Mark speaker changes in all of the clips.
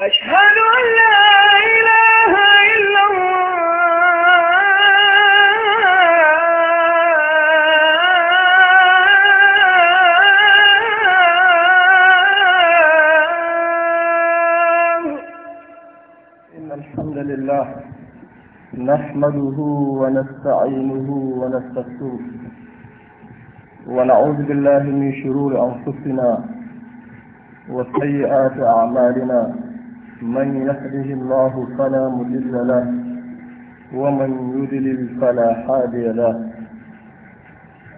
Speaker 1: أشهد أن لا إله إلا الله إن الحمد لله نحمده ونستعينه ونستغفره ونعوذ بالله من شرور أنفسنا وسيئات أعمالنا من يهده الله فلا مضل له ومن يضلل فلا هادي له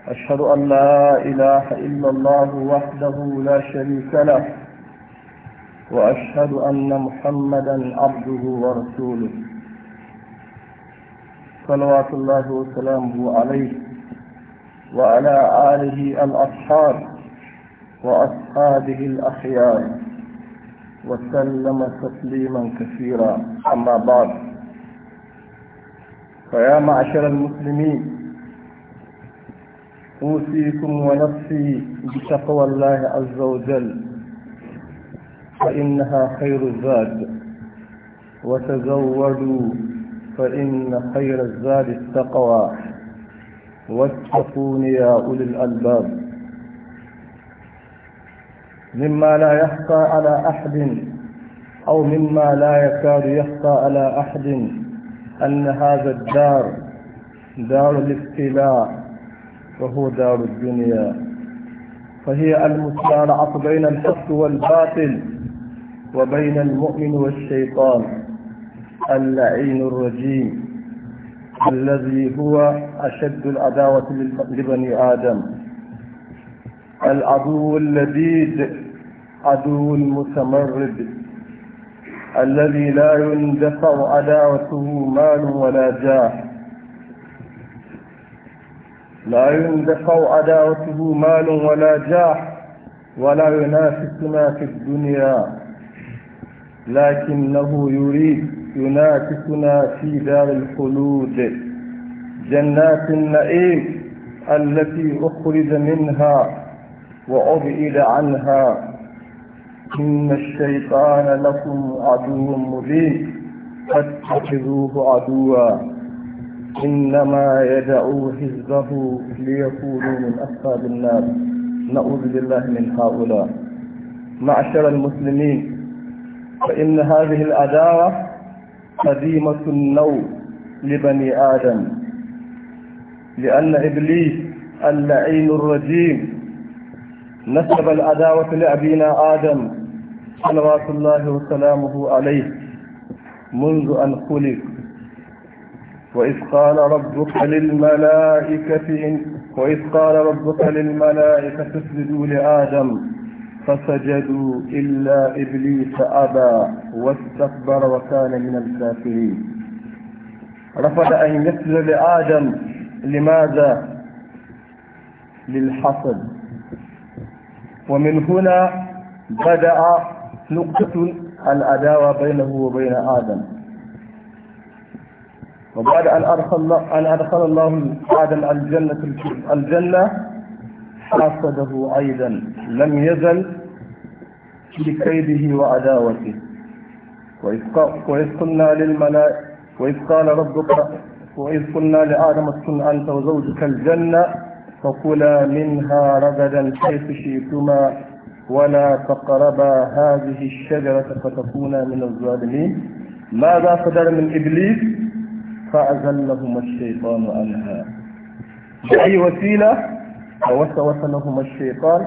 Speaker 1: أشهد أن لا إله إلا الله وحده لا شريك له وأشهد أن محمدا عبده ورسوله صلوات الله وسلامه عليه وعلى آله الأصحاب وأصحابه الأخيار وسلم تسليما كثيرا أما بعد فيا معشر المسلمين أوصيكم ونفسي بتقوى الله عز وجل فإنها خير الزاد وتزودوا فإن خير الزاد التقوى واتقون يا أولي الألباب مما لا يخفى على أحد أو مما لا يكاد يخفى على أحد أن هذا الدار دار الابتلاء وهو دار الدنيا فهي المسارعة بين الحق والباطل وبين المؤمن والشيطان اللعين الرجيم الذي هو أشد العداوة لبني آدم العدو اللذيذ عدو متمرد الذي لا يندفع عداوته مال ولا جاه لا يندفع عداوته مال ولا جاه ولا ينافسنا في الدنيا لكنه يريد ينافسنا في دار الخلود جنات النعيم التي أخرج منها وأبعد عنها إن الشيطان لكم عدو مبين فاتخذوه عدوا إنما يدعو حزبه ليكونوا من أصحاب النار نعوذ بالله من هؤلاء معشر المسلمين فإن هذه العداوة قديمة النوع لبني آدم لأن إبليس اللعين الرجيم نسب العداوة لأبينا آدم صلوات الله وسلامه عليه منذ أن خلق وإذ قال ربك للملائكة إن وإذ قال ربك للملائكة اسجدوا لآدم فسجدوا إلا إبليس أبى واستكبر وكان من الكافرين رفض أن يسجد لآدم لماذا؟ للحسد ومن هنا بدأ نقطة العداوة بينه وبين آدم وبعد أن أدخل الله, أن أدخل الله آدم الجنة الجنة حاصده أيضا لم يزل في كيده وعداوته وإذ قلنا للملائكة وإذ قال ربك وإذ قلنا لآدم اسكن أنت وزوجك الجنة فكلا منها رغدا حيث شئتما ولا تقربا هذه الشجرة فتكونا من الظالمين ماذا صدر من إبليس فأزلهما الشيطان عنها بأي وسيلة فوسوس لهما الشيطان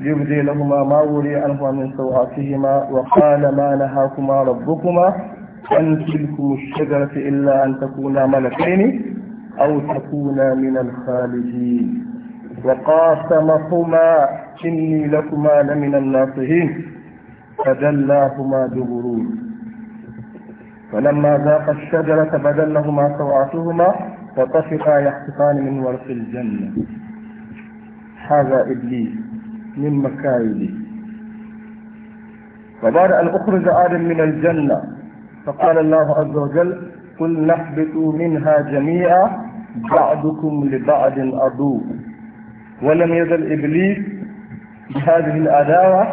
Speaker 1: ليبدي لهما ما ولي عنهما من سوآتهما وقال ما نهاكما ربكما أن تلكم الشجرة إلا أن تكونا ملكين أو تكونا من الخالدين وقاسمهما إني لكما لمن الناصحين فدلاهما دبرون فلما ذاق الشجرة بدت لهما سوعتهما فطفقا يحتقان من ورق الجنة هذا إبليس من مكائده وبعد أن أخرج آدم من الجنة فقال الله عز وجل قل نحبط منها جميعا بعضكم لبعض عدو ولم يزل إبليس بهذه العداوة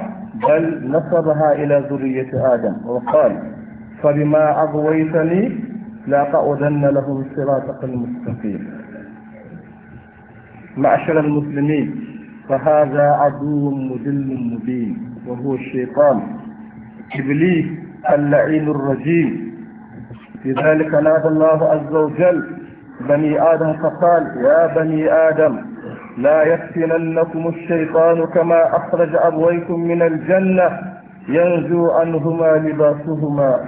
Speaker 1: بل نسبها إلى ذرية آدم وقال فبما أغويتني لأقعدن لهم صراطك المستقيم معشر المسلمين فهذا عدو مذل مبين وهو الشيطان إبليس اللعين الرجيم لذلك نادى الله عز وجل بني آدم فقال يا بني آدم لا يفتننكم الشيطان كما أخرج أبويكم من الجنة ينزو عنهما لباسهما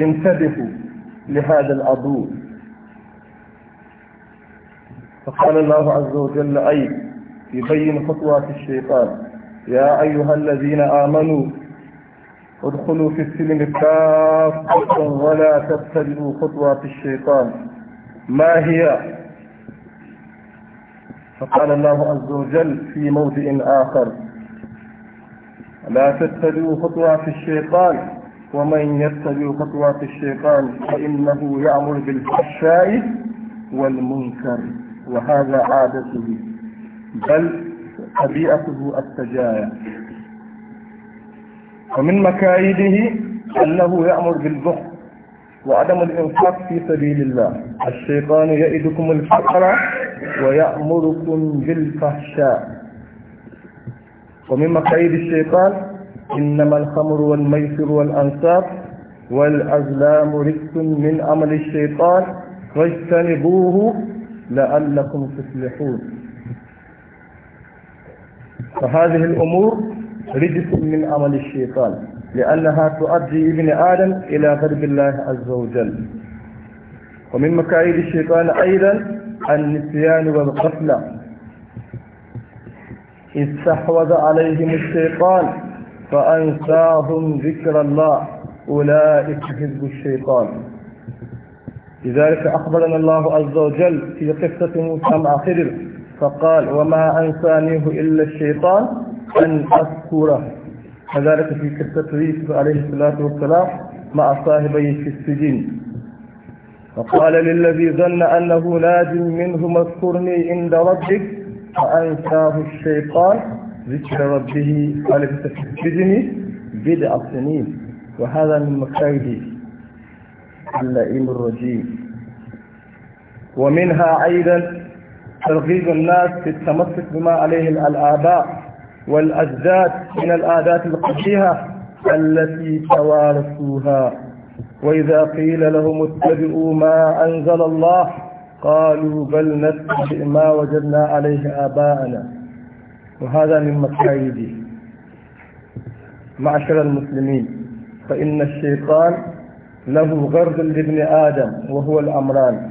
Speaker 1: انتبهوا لهذا العضو فقال الله عز وجل أي يبين خطوات الشيطان يا أيها الذين آمنوا ادخلوا في السلم كافة ولا تتبعوا خطوات الشيطان ما هي فقال الله عز وجل في موضع آخر لا تتبعوا خطوات الشيطان ومن يتبع خطوات الشيطان فإنه يأمر بالفحشاء والمنكر وهذا عادته بل طبيعته السجايا ومن مكايده أنه يأمر بالبخل وعدم الإنفاق في سبيل الله الشيطان يئدكم الفقر ويأمركم بالفحشاء ومن مقايد الشيطان إنما الخمر والميسر والأنساب والأزلام رجس من أمل الشيطان واجتنبوه لعلكم تفلحون فهذه الأمور رجس من عمل الشيطان لأنها تؤدي ابن آدم إلى غرب الله عز وجل ومن مكائد الشيطان أيضا النسيان والغفلة استحوذ عليهم الشيطان فأنساهم ذكر الله أولئك حزب الشيطان لذلك أخبرنا الله عز وجل في قصة موسى مع خضر فقال وما أنسانيه إلا الشيطان أن أذكره كذلك في قصة عيسى عليه الصلاة والسلام مع صاحبيه في السجن فقال للذي ظن أنه ناج منه اذكرني عند ربك فأنساه الشيطان ذكر ربه قال في بدع سنين وهذا من مكايد اللئيم الرجيم ومنها أيضا ترغيب الناس في التمسك بما عليه الآباء والأجداد من الآداب القبيحة التي توارثوها وإذا قيل لهم اتبعوا ما أنزل الله قالوا بل نتبع ما وجدنا عليه آباءنا وهذا من مكايده معشر المسلمين فإن الشيطان له غرض لابن آدم وهو الأمران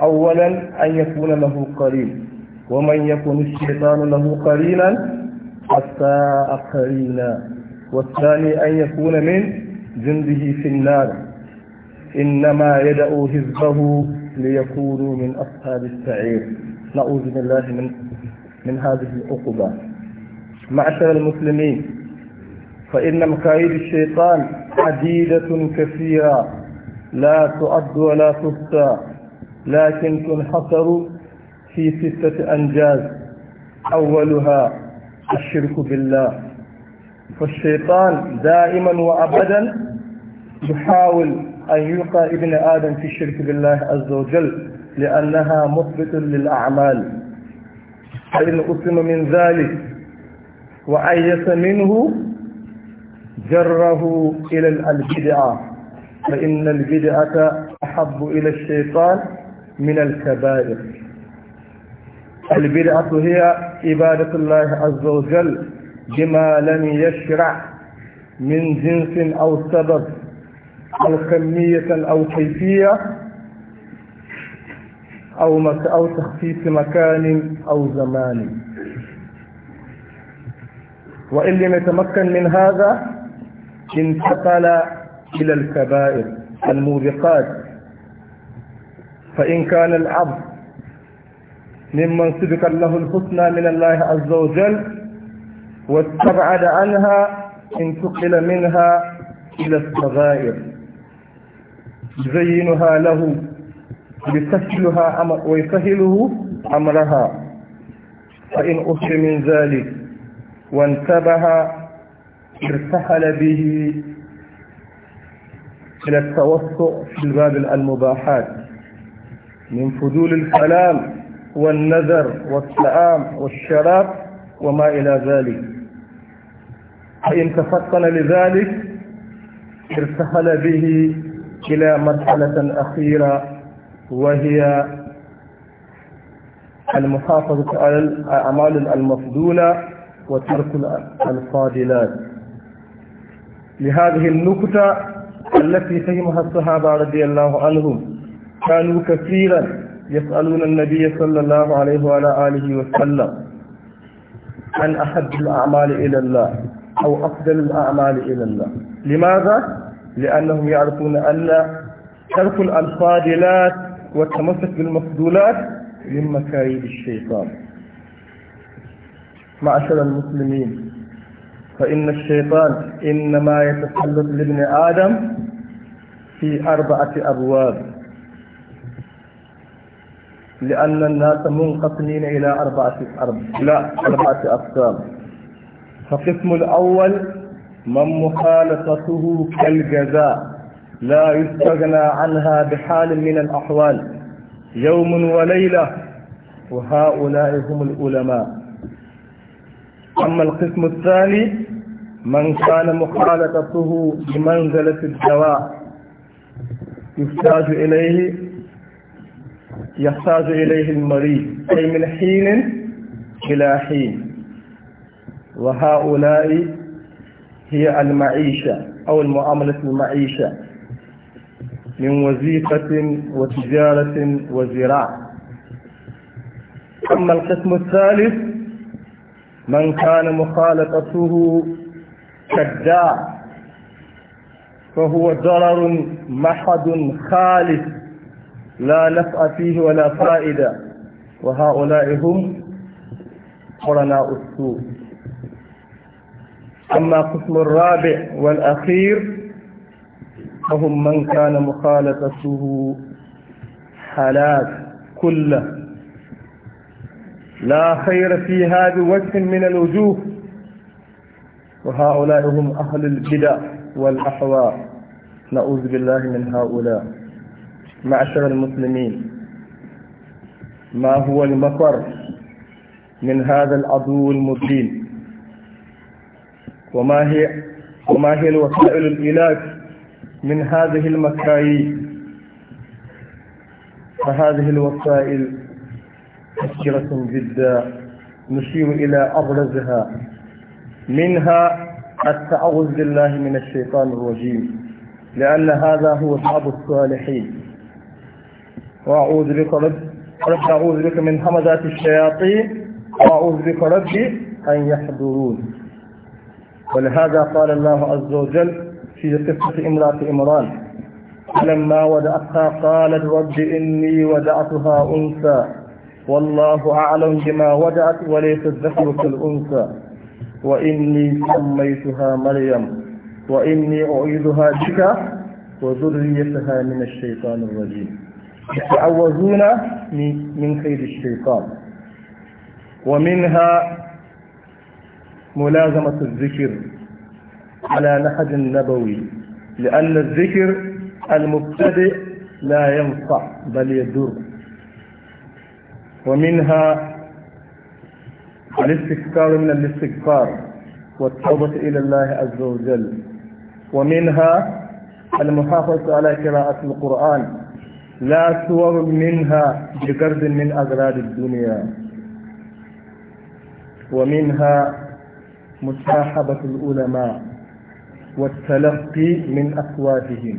Speaker 1: أولا أن يكون له قرين ومن يكون الشيطان له قرينا حتى قرينا والثاني أن يكون من جنده في النار إنما يدعو حزبه ليكونوا من أصحاب السعير نعوذ بالله من من هذه العقوبة معشر المسلمين فإن مكايد الشيطان عديدة كثيرة لا تعد ولا تحصى لكن تنحصر في ستة أنجاز أولها الشرك بالله فالشيطان دائما وأبدا يحاول أن يلقى ابن آدم في الشرك بالله عز وجل لأنها مثبت للأعمال فإن أسلم من ذلك وأيس منه جره إلى البدعة فإن البدعة أحب إلى الشيطان من الكبائر البدعة هي عبادة الله عز وجل بما لم يشرع من جنس أو سبب أو كمية أو كيفية أو مك أو تخصيص مكان أو زمان وإن لم يتمكن من هذا انتقل إلى الكبائر الموبقات فإن كان العبد ممن سبق له الحسنى من الله عز وجل واستبعد عنها انتقل منها إلى الصغائر يزينها له ويسهلها ويسهله أمرها فإن أخر من ذلك وانتبه ارتحل به إلى التوسع في الباب المباحات من فضول الكلام والنذر والسلام والشراب وما إلى ذلك فإن تفطن لذلك ارتحل به إلى مرحلة أخيرة وهي المحافظة على الأعمال المفضولة وترك الفاضلات لهذه النكتة التي فهمها الصحابة رضي الله عنهم كانوا كثيرا يسألون النبي صلى الله عليه وعلى آله وسلم عن أحد الأعمال إلى الله أو أفضل الأعمال إلى الله لماذا؟ لأنهم يعرفون أن ترك الفاضلات والتمسك بالمفضولات من مكايد الشيطان معشر المسلمين فإن الشيطان إنما يتسلط لابن آدم في أربعة أبواب لأن الناس منقسمين إلى أربعة أرب... لا أربعة أقسام فالقسم الأول من مخالطته كالجزاء لا يستغنى عنها بحال من الأحوال يوم وليلة وهؤلاء هم العلماء أما القسم الثاني من كان مخالطته بمنزلة الدواء يحتاج إليه يحتاج إليه المريض أي من حين إلى حين وهؤلاء هي المعيشة أو المعاملة المعيشة من وظيفة وتجارة وزراعة أما القسم الثالث من كان مخالطته كالداع فهو ضرر محض خالص لا نفع فيه ولا فائدة وهؤلاء هم قرناء السوء أما قسم الرابع والأخير فهم من كان مخالطته حالات كله لا خير فيها بوجه من الوجوه وهؤلاء هم أهل البدع والأحواء نعوذ بالله من هؤلاء معشر المسلمين ما هو المفر من هذا العدو المبين وما هي وما هي الوسائل العلاج من هذه المكاييل فهذه الوسائل كثيرة جدا نشير إلى أبرزها منها التعوذ بالله من الشيطان الرجيم لأن هذا هو صعب الصالحين وأعوذ بك رب رب أعوذ بك من همزات الشياطين وأعوذ بك ربي أن يحضرون ولهذا قال الله عز وجل في قصة امرأة إمران فلما ودعتها قالت رب إني ودعتها أنثى والله أعلم بما ودعت وليس الذكر كالأنثى وإني سميتها مريم وإني أعيدها بك وذريتها من الشيطان الرجيم يتعوذون من كيد الشيطان ومنها ملازمة الذكر على نحد نبوي لأن الذكر المبتدئ لا ينفع بل يدر ومنها الاستكثار من الاستغفار والتوبة إلى الله عز وجل ومنها المحافظة على قراءة القرآن لا سور منها بقرد من أغراض الدنيا ومنها مصاحبة العلماء والتلقي من أفواههم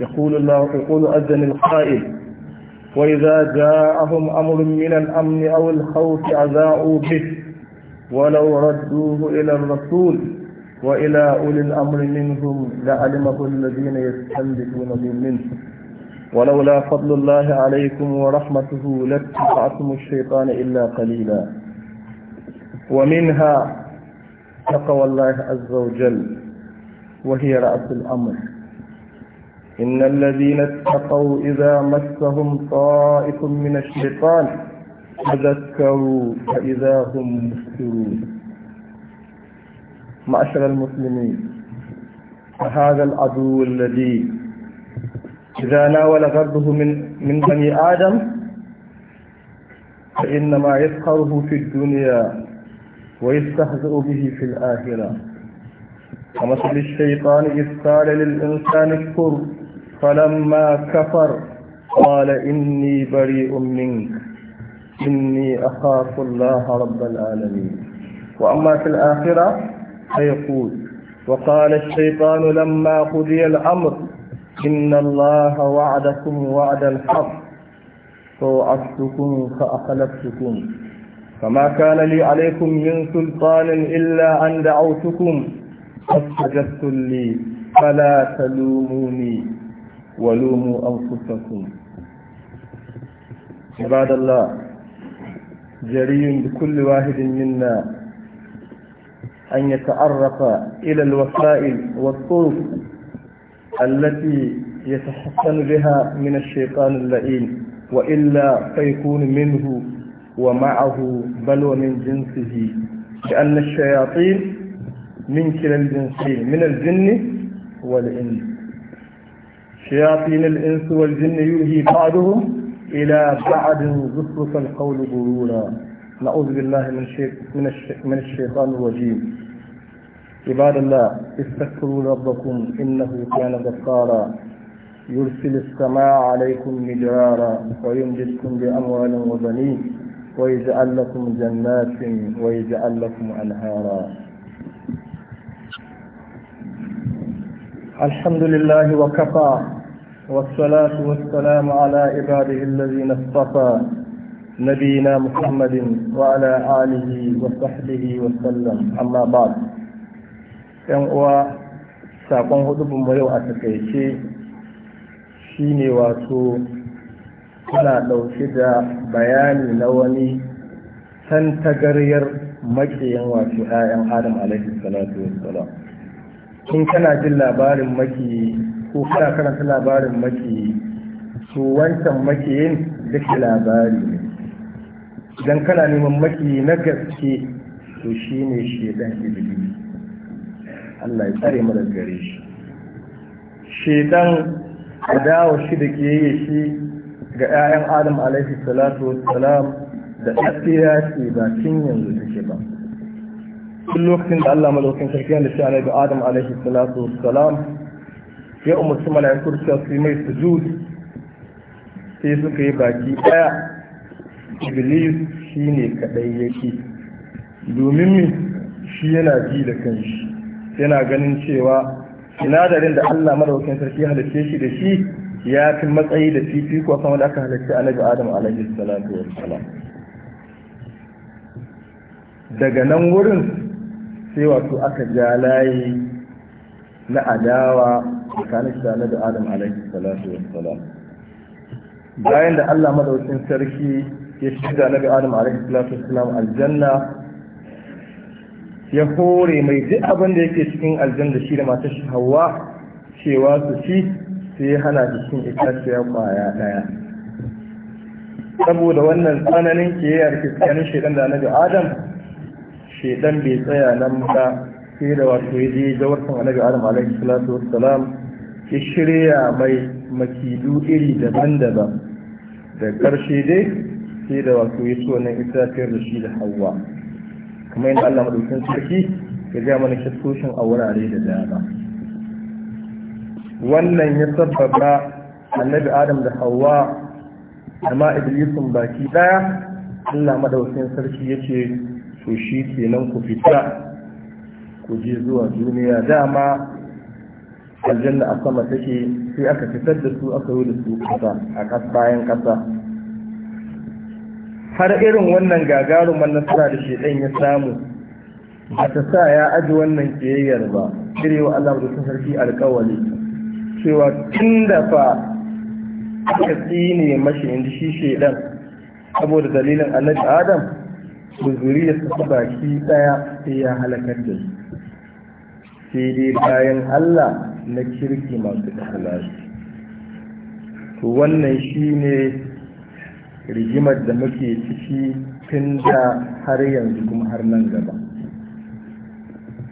Speaker 1: يقول الله يقول أذن القائل وإذا جاءهم أمر من الأمن أو الخوف أذاعوا به ولو ردوه إلى الرسول وإلى أولي الأمر منهم لعلمه الذين يستنبطونه منه ولولا فضل الله عليكم ورحمته لاتبعتم الشيطان إلا قليلا ومنها تقوى الله عز وجل وهي رأس الأمر إن الذين اتقوا إذا مسهم طائف من الشيطان تذكروا فإذا هم مسكرون معشر المسلمين فهذا العدو الذي إذا ناول غربه من من بني آدم فإنما يسخره في الدنيا ويستهزئ به في الآخرة ومثل الشيطان إذ قال للإنسان اكفر فلما كفر قال إني بريء منك إني أخاف الله رب العالمين وأما في الآخرة فيقول وقال الشيطان لما قضي الأمر إن الله وعدكم وعد الحق فوعدتكم فأخلفتكم فما كان لي عليكم من سلطان إلا أن دعوتكم فاستجبتم لي فلا تلوموني ولوموا أنفسكم عباد الله جري بكل واحد منا أن يتعرف إلى الوسائل والطرق التي يتحسن بها من الشيطان اللئيم وإلا فيكون منه ومعه بل ومن جنسه لأن الشياطين من كلا الجنسين من الجن والإنس شياطين الإنس والجن يلهي بعضهم إلى بعض زفرف القول غرورا نعوذ بالله من من من الشيطان الرجيم عباد الله استغفروا ربكم إنه كان غفارا يرسل السماء عليكم مدرارا ويمددكم بأموال وبنين ويجعل لكم جنات ويجعل لكم أنهارا الحمد لله وكفى والصلاة والسلام على عباده الذين اصطفى نبينا محمد وعلى آله وصحبه وسلم أما بعد ينقوى ساقون هدب مريو أتكيشي شيني واتو suna ɗauke da bayani na wani tantagaryar makiyin wato 'ya'yan adam alaihi salatu wassalam in kana jin labarin maki ko kana karanta labarin maki su wancan makiyin duk labari ne idan kana neman maki na gaske to shi ne shedan iblis Allah ya tsare mu daga gare shi shedan adawa shi da yi shi ga 'ya'yan adam alaihi salatu wassalam da tsakiya ce ba cin yanzu take ba tun lokacin da Allah malaukin sarki da shi alaihi adam alaihi salatu wassalam ya umarci mala'ikun cewa su mai sujud sai suka yi baki ɗaya iblis shi ne kaɗai yake domin mi shi yana ji da kanshi yana ganin cewa sinadarin da Allah madaukakin sarki halitta shi da shi ya fi matsayi da fifiko kuma da aka halarci annabi adam alaihi salatu wassalam daga nan wurin sai wato aka ja layi na adawa tsakanin da annabi adam alaihi salatu wassalam bayan da Allah madaukin sarki ya shiga annabi adam alaihi salatu wassalam aljanna ya hore mai duk abin da yake cikin aljanna shi da matar shi hawa cewa su ci sai hana cikin itaciyar kwaya daya saboda wannan tsananin a kiskanin shaidan da annabi adam shaidan bai tsaya nan ba sai da wato ya je jawarsan annabi adam alaihi salatu wassalam ya shirya mai makidu iri daban-daban da karshe dai sai da wato ya ci wannan itaciyar da shi da hawa kamar yadda Allah madaukakin sarki ya ga mana kisoshin a wurare da dama wannan ya sabbaba annabi adam da hawa da ma iblisun baki daya allah madaukin sarki ya ce to shi kenan ku fita ku je zuwa duniya dama aljanna a sama take sai aka fitar da su aka yi da su kasa a bayan kasa har irin wannan gagarumar nasara da shedan ya samu ba ta sa ya aji wannan kiyayyar ba shirya wa Allah da sarki alkawali cewa tun da fa aka tsine mashi inda shi shaidan saboda dalilin annabi adam zuri ya su baki daya sai ya halakar da su sai dai bayan allah na kirki masu ikhlasi to wannan shine rigimar da muke ciki tun da har yanzu kuma har nan gaba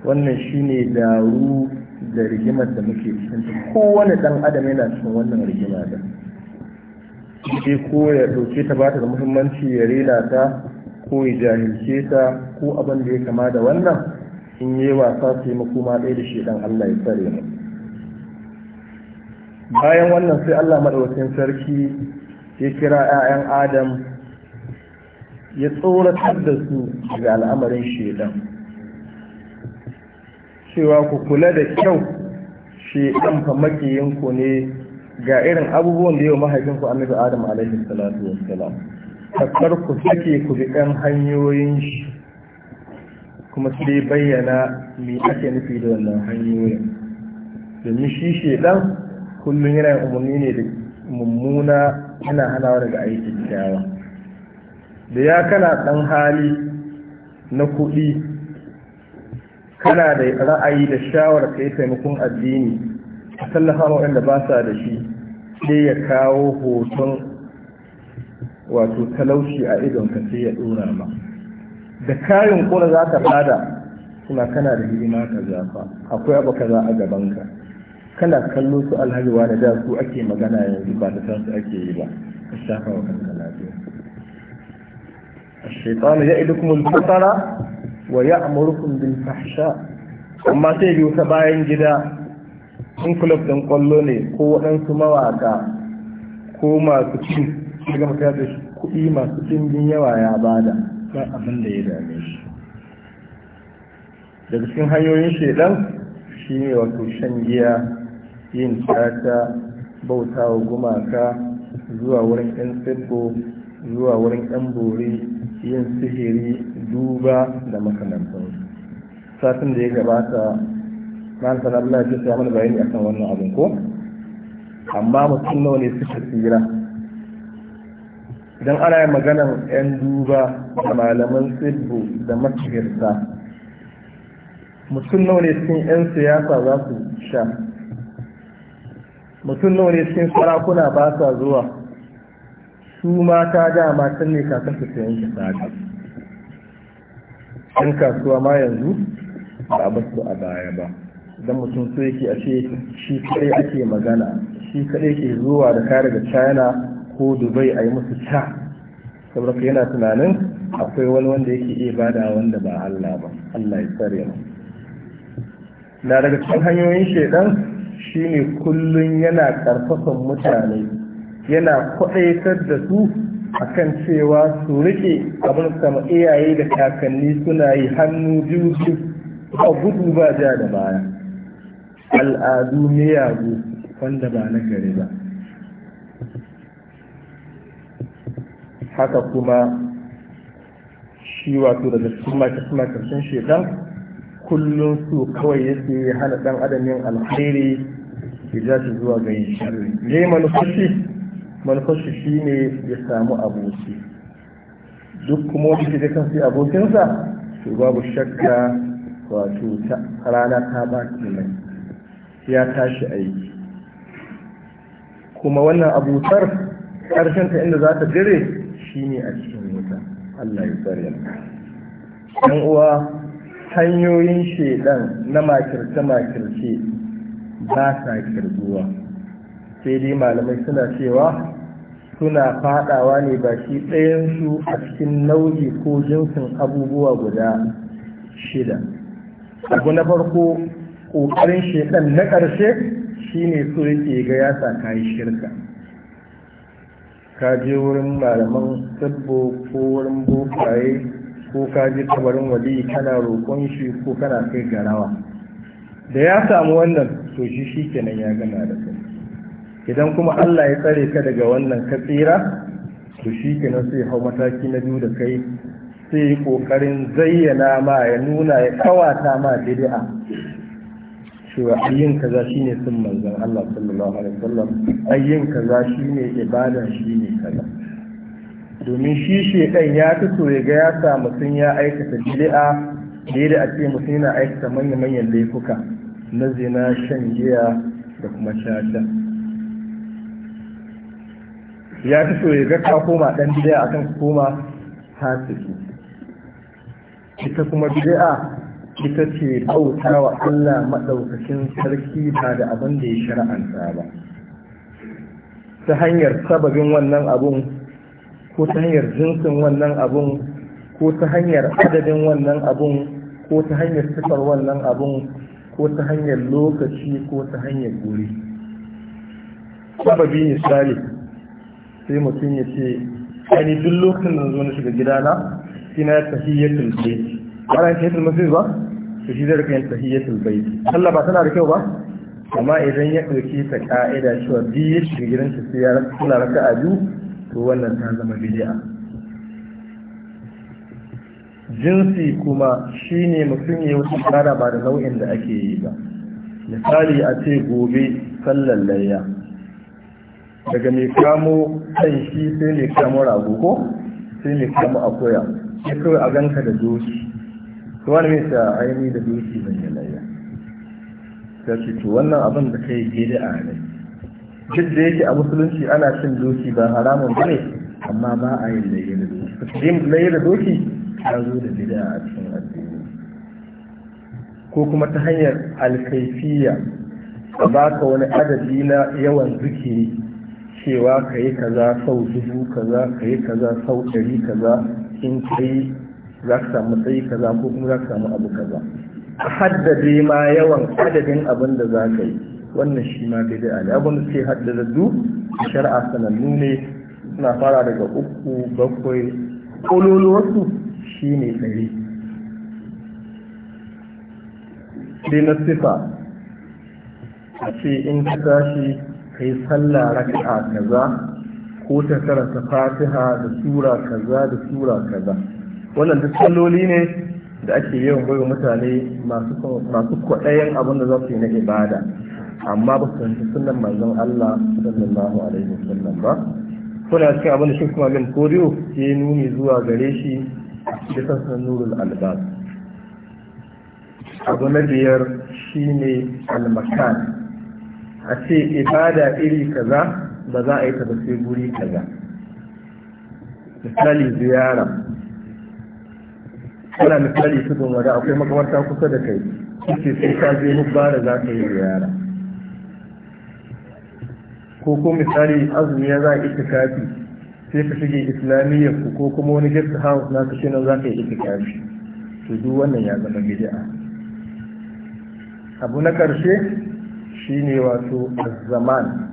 Speaker 1: wannan shine daru da rigimar da muke cikin kowane dan adam yana cikin wannan rigima da sai ko ya ɗauke ta ba ta da muhimmanci ya rena ta ko ya jahilce ta ko abin da ya kama da wannan in yi wasa su yi makoma ɗaya da shi dan Allah ya tsare mu bayan wannan sai Allah madawacin sarki ya kira 'ya'yan adam ya tsoratar da su daga al'amarin shaidan cewa ku kula da kyau shi ɗan fa ne ga irin abubuwan da yau mahaifinku annabi adam alaihi salatu salam kakar ku sake ku bi ɗan hanyoyin shi kuma sai bayyana me ake nufi da wannan hanyoyin domin shi shi ɗan kullum yana umarni ne da mummuna yana hanawa daga aikin kyawa da ya kana ɗan hali na kuɗi kana da ra'ayi da shawar ka yi taimakon addini a tallafa waɗanda ba sa da shi sai ya kawo hoton wato talauci a idonka sai ya ɗora ma da kayan kuna za ka bada kuma kana da hidima ka zafa akwai abu za a gabanka kana kallo su alhajiwa da da su ake magana yanzu ba da san su ake yi ba a shafa wa kanka lafiya الشيطان يعدكم الفقر wa ya'murukum bin fahsha amma sai biyu ta bayan gida in kulab ɗin kwallo ne ko waɗansu mawaka ko masu cin daga mutane shi kuɗi masu ɗimbin yawa ya bada ba abin da ya dame shi daga cikin hanyoyin shaidan shi ne wato shan giya yin tata bauta wa gumaka zuwa wurin 'yan tsibbo zuwa wurin 'yan bori yin sihiri duba da makamantar satin da ya gabata man sanar Allah ya ce mana bayani akan wannan abin ko amma mutum nawa ne suka tsira idan ana yin maganar 'yan duba da malaman sirbu da masjirta mutum nawa ne cikin 'yan siyasa za su sha mutum nawa ne cikin sarakuna ba sa zuwa su mata dama can ne kafin su sayan kisa ɗan kasuwa ma yanzu ba a basu a baya ba idan mutum so yake a ce shi kaɗai ake magana shi kaɗai ke zuwa da kaya daga china ko dubai a yi musu ca saboda yana tunanin akwai wani wanda yake iya bada wanda ba allah ba allah ya tsare mu na daga cikin hanyoyin shaidan shine kullum yana karfafan mutane yana kwaɗaitar da su akan cewa su rike abin sama iyaye da kakanni suna yi hannu biyu su ba gudu ba ja da baya al'adu miyagu wanda ba na gari ba haka kuma shi wato daga cikin karshen shekar kullum su kawai yake hana dan adamin alheri ya zuwa ga yin shari'a ne manufashi manufarsu shi ne ya samu aboki duk kuma wani shi kan sai abokinsa to babu shakka wato rana ta baki mai ya tashi aiki kuma wannan abutar ta inda za ta dire shi ne a cikin wuta allah ya tsare Yan uwa hanyoyin shaidan na makirce-makirce ba sa kirguwa sai dai malamai suna cewa suna fadawa ne ba baki ɗayansu a cikin nauyi ko jinsin abubuwa guda shida abu na farko ƙoƙarin shekan na ƙarshe shi shine su yake ga yasa yi shirka ka je wurin malaman sabbo ko wurin bokaye ko ka je kabarin wali kana roƙon shi ko kana kai garawa da ya samu wannan to shi shi kenan ya gana da kai idan kuma Allah ya tsare ka daga wannan katsira to shi nan sai hau mataki na biyu da kai sai kokarin zayyana ma ya nuna ya kawata ma bid'a cewa ayyin kaza shine sun manzon Allah sallallahu alaihi wasallam ayyin kaza shine ibada shine kaza domin shi kan ya fito ya ga ya samu sun ya aikata bid'a da a ce mutum yana aikata manya-manyan laifuka na zina shan giya da kuma shata ya fi so ya ga ka koma dan bid'a akan ka koma fasiki ita kuma bid'a ita ce bauta wa Allah madaukakin sarki ba da abin da ya shar'anta ba ta hanyar sababin wannan abun ko ta hanyar jinsin wannan abun ko ta hanyar adadin wannan abun ko ta hanyar sifar wannan abun ko ta hanyar lokaci ko ta hanyar guri sababi misali sai mutum ya ce ni duk lokacin da zo na shiga gidana shi na tahiyyatul bayt ana tahiyyatul masjid ba to shi zai rika yin tahiyyatul bayt Allah ba tana da kyau ba amma idan ya ɗauki ta ka'ida cewa biyu ya shiga gidan shi sai ya rasa raka a biyu to wannan ta zama bid'a jinsi kuma shine mutum ya wuce tsara ba da nau'in da ake yi ba misali a ce gobe sallar layya daga mai kamo kan shi sai mai kamo rago ko sai mai kamo koya. ya kawai a ganka da doki to wani mai sa aini da doki ban yi layya ta ce to wannan abin da kai gida a rai duk da yake a musulunci ana cin doki ba haramun ba ne amma ba a yin layya da doki layya da doki ta zo da gida a cikin addini ko kuma ta hanyar alkaifiya ba ka wani adadi na yawan zikiri cewa ka yi kaza sau dubu kaza ka yi kaza sau ɗari kaza in kai za ka samu tsayi kaza ko kuma za ka samu abu kaza a haddade ma yawan adadin abin da za ka yi wannan shi ma daidai ne abin da suke haddada du shari'a sanannu ne suna fara daga uku bakwai ƙololuwarsu shi ne ɗari sai na sifa a ce in ka tashi kai salla raka'a kaza ko ta karanta fatiha da sura kaza da sura kaza wannan duk salloli ne da ake yawan baiwa mutane masu kwaɗayen abin da za su yi na ibada amma ba su fahimci sunan manzon Allah sallallahu alaihi wasallam ba kuna cikin abin da shi kuma bin koriyo ke nuni zuwa gare shi da sassan nurul albab abu na biyar shine almakar. a ce ibada iri kaza ba za a yi ta ba sai guri kaza misali ziyara ana misali su don wada akwai makamarta kusa da kai ce sai ka je hubbara za ka yi ziyara ko ko misali azumi ya za a kafi sai ka shige islamiyya ku ko kuma wani guest house na kashe nan za ka yi kafi to duk wannan ya zama bid'a abu na karshe shine wato zaman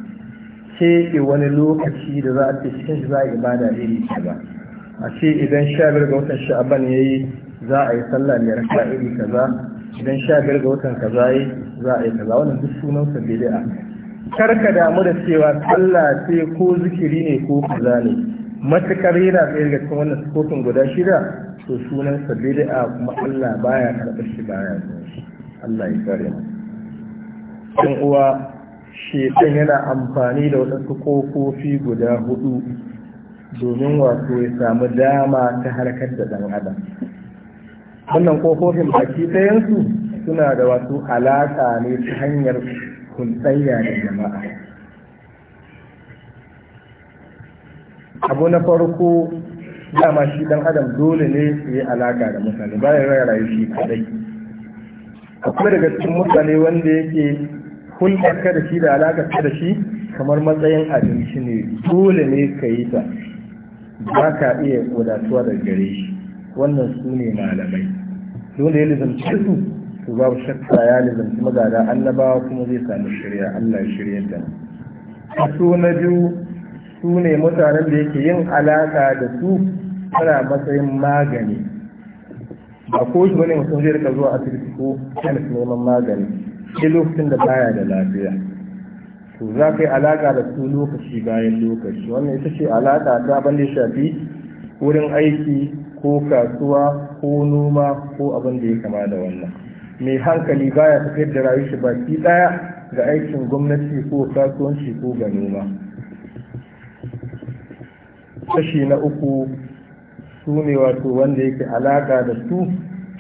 Speaker 1: keɓe wani lokaci da za a ce cikin shi za a ibada iri kaza a ce idan sha biyar ga watan sha'aban ya yi za a yi sallah mai raka iri kaza idan sha biyar ga watan kaza yi za a yi kaza wannan duk sunan sa Kar karka damu da cewa sallah ce ko zikiri ne ko kaza ne matukar yana tsaye ga cikin wannan sufofin guda shida to sunan sa kuma Allah baya karɓar shi baya Allah ya kare mu ɗan uwa shekan yana amfani da waɗansu kofofi guda hudu domin wato ya samu dama ta harkar da ɗan adam wannan ƙofofin baki ɗayansu suna da wasu alaƙa ne ta hanyar kuntsayya da jama'a abu na farko dama shi ɗan adam dole ne ya yi alaƙa da mutane bayan rayu shi kadai akwai daga cikin mutane wanda yake hulɗar ka da shi da alaƙar ka da shi kamar matsayin abinci ne dole ne ka yi ta ba ka iya wadatuwa da gare shi wannan su ne malamai dole ya lizanci su to babu shakka ya lizanci magada annabawa kuma zai samu shirya Allah ya shirya da su na biyu su ne mutanen da yake yin alaƙa da su tana matsayin magani ba ko shi wani mutum zai rika zuwa asibiti ko kan neman magani sai lokacin da baya da lafiya to za ka yi alaƙa da su lokaci bayan lokaci wannan ita ce alaƙa ta abin da shafi wurin aiki ko kasuwa ko noma ko abin da ya kama da wannan mai hankali baya tafiyar da rayu shi baki ɗaya ga aikin gwamnati ko kasuwanci ko ga noma kashi na uku su ne wato wanda yake alaƙa da su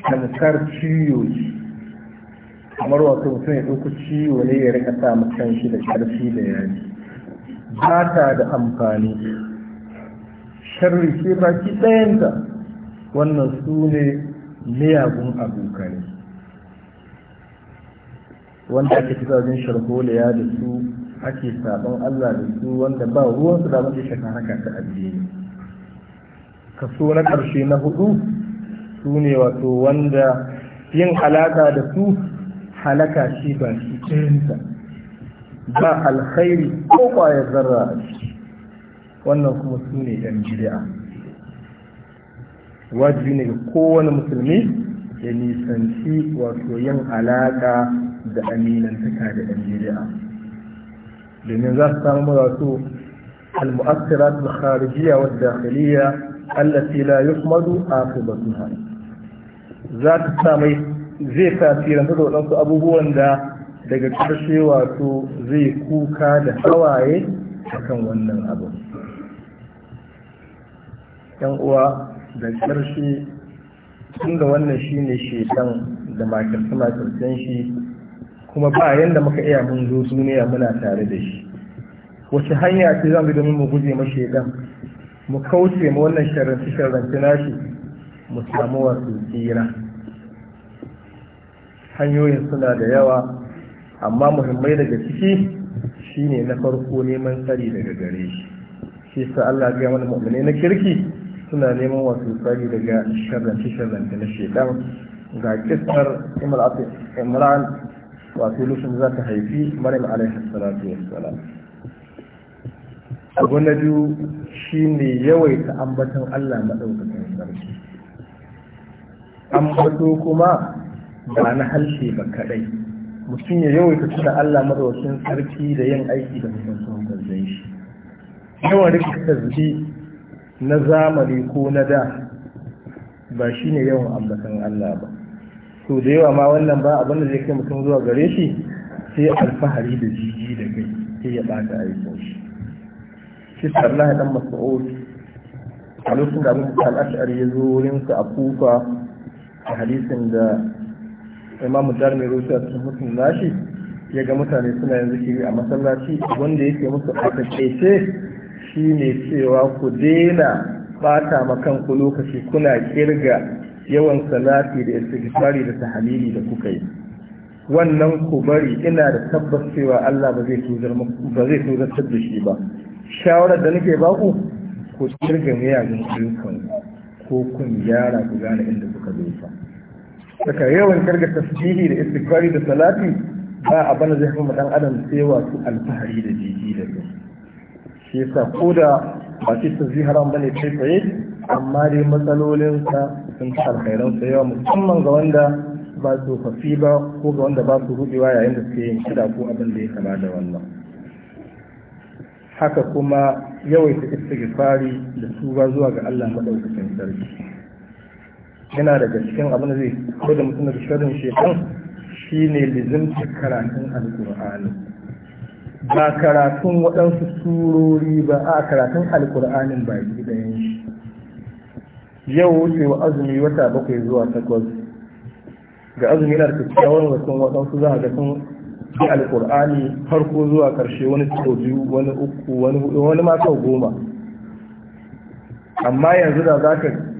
Speaker 1: tamkar ciyoci kamar wasu mutum ya ɗauki ciwo ne ya rika sa mutum shi da ƙarfi da yaji ba ta da amfani sharri ce baki ɗayanta wannan su ne miyagun abokane wanda ake fi zajin sharholiya da su ake saɓon allah da su wanda ba ruwan su da mace shaka haka ta addini kaso na ƙarshe na hudu su ne wato wanda yin alaƙa da su halaka shi ba shi ba alkhairi ko kwayar zarra wannan kuma su ne jira. wajibi ne ga kowane musulmi ya nisanci wato yin alaƙa da aminantaka da ɗan jira. domin za su samu wato المؤثرات dakhiliyya allati la yuhmadu aqibatuha za ta سامي zai tasiranta da waɗansu abubuwan da daga ƙarshe wato zai kuka da hawaye a kan wannan abu yan uwa da ƙarshe tun da wannan shi ne shekan da makirce-makircen shi kuma ba yadda muka iya mun zo duniya muna tare da shi wace hanya ce zan bi domin mu guje ma shekan mu kauce ma wannan sharrance-sharrance nashi mu samu wasu tsira hanyoyin suna da yawa amma muhimmai daga ciki shine na farko neman tsari daga gare shi shi sa Allah ya mana mu'mini na kirki suna neman wasu tsari daga sharrance sharrance na shedan ga kisar imran wasu lushin za ta haifi maryam alaihi salatu wassalam abu na biyu shine yawaita ambatan Allah madaukakin sarki ambato kuma ba na harshe ba kaɗai. mutum ya yawaita tuna Allah madawacin sarki da yin aiki da mutum sun garzai shi yawan rike tasbi na zamani ko na da ba shi ne yawan ambatan Allah ba to da yawa ma wannan ba abin da zai kai mutum zuwa gare shi sai alfahari da jiji da kai sai ya bata aikin shi shi Allah ya dan mas'ud a lokacin da abin da al'ashari ya zo wurinsa a kufa a hadisin da imamu darmi rusa sun hukun nashi ya ga mutane suna yanzu kiri a masallaci wanda yake musu a takaice shi ne cewa ku daina bata makan ku lokaci kuna kirga yawan salati da istighfari da tahalili da kuka yi wannan ku bari ina da tabbas cewa Allah ba zai tuzar ba zai da shi ba shawarar da nake baku ku ku kirga miyagun ayyukan ko kun yara ku gane inda kuka fa daga yawan karga tasbihi da istighfari da salati ba a bana zai kuma dan adam sai wato alfahari da jiji da su shi yasa ko da ba shi tasbihi haram bane kai tsaye amma dai matsalolin sa sun ta alkhairan sa yawa musamman ga wanda ba su fafi ba ko ga wanda ba su rubewa yayin da suke yin kida ko abin da ya kama da wannan haka kuma yawaita istighfari da tuba zuwa ga Allah madaukakin sarki yana daga cikin abin da zai ko da mutum da shirin shekan shi ne lizimci karatun alkur'ani ba karatun waɗansu surori ba a karatun alkur'anin ba yi ɗayan shi yau wucewa azumi wata bakwai zuwa takwas ga azumi yana da kyakkyawan wasan waɗansu za a ga sun yi alkur'ani farko zuwa ƙarshe wani tsoji wani uku wani hudu wani mata goma amma yanzu da za ka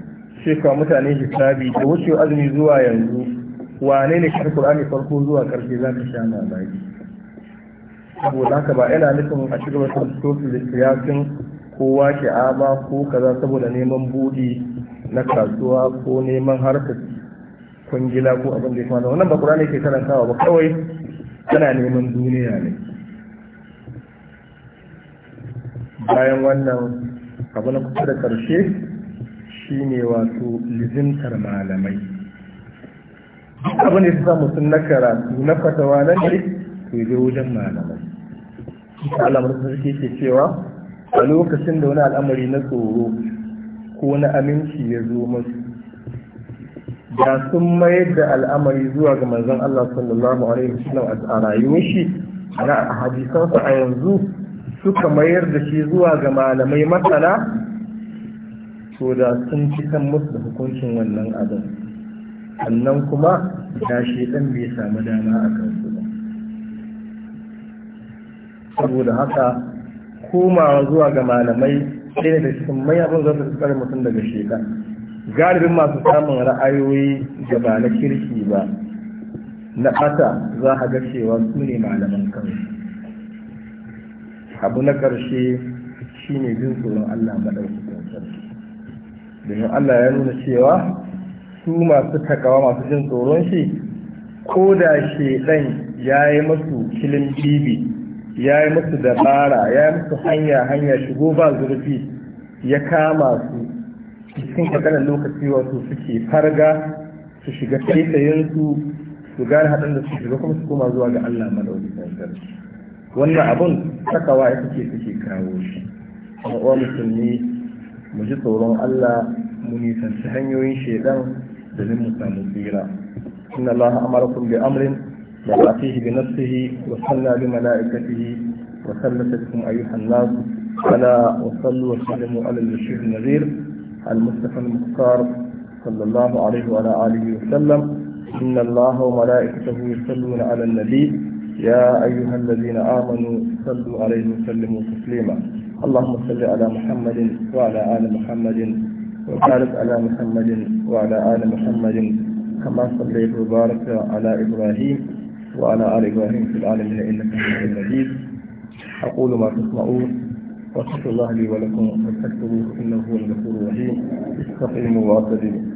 Speaker 1: cewa mutane hisabi da wucewa azumi zuwa yanzu wane ne shi Qur'ani farko zuwa karshe za ka sha mamaki saboda haka ba yana nufin a cikin wasu sosu da siyasin kowa ama ko kaza saboda neman buɗe na kasuwa ko neman harkar kwangila ko abin da ya fara wannan ba Qur'ani ke karantawa ba kawai Kana neman duniya ne bayan wannan abu na kusa da karshe shine wato lizimtar malamai duk abin da ya mutum na karatu na fatawa na ne to ya wajen malamai ita sun suke ke cewa a lokacin da wani al'amari na tsoro ko na aminci ya zo masu da sun mayar da al'amari zuwa ga manzon Allah sallallahu alaihi wasallam a rayuwar shi a hadisansa a yanzu suka mayar da shi zuwa ga malamai masana to da sun kan musu da hukuncin wannan abin sannan kuma ya ɗan bai samu dama a kansu ba saboda haka komawa zuwa ga malamai ɗaya da cikin mai abin za su tsare mutum daga shekar galibin masu samun ra'ayoyi da ba na kirki ba na ɓata za a ga cewa su ne malaman kansu abu na ƙarshe shine jin tsoron allah maɗaukakin sarki domin Allah ya nuna cewa su masu takawa masu jin tsoron shi ko da shi ɗan ya yi masu kilin bibi ya yi masu dabara ya yi masu hanya hanya shigo ba zurfi ya kama su cikin kakanan lokaci wasu suke farga su shiga taitayinsu su gane haɗin da su shiga kuma su koma zuwa ga Allah malaukakin sarki wannan abun takawa ya suke suke kawo shi a musulmi mu ji tsoron Allah mu nisanci hanyoyin shaidan domin mu samu tsira inna Allah amarakum bi amrin wa atihi bi nafsihi wa salla bi malaikatihi wa sallata bikum ayyuhan nas ala ala wa wa sallu sallimu al-bashir al-nadir al-mustafa al-mukhtar sallallahu المصطفى wa ala alihi wa sallam inna Allah wa malaikatahu yusalluna ala على nabi يا ايها الذين امنوا صلوا عليه وسلموا تسليما اللهم صل على محمد وعلى آل محمد وبارك على محمد وعلى آل محمد كما صليت وبارك على إبراهيم وعلى آل إبراهيم في العالمين إنك حميد مجيد أقول ما تسمعون واستغفر الله لي ولكم فاستغفروه إنه هو الغفور الرحيم استقيموا واعتدلوا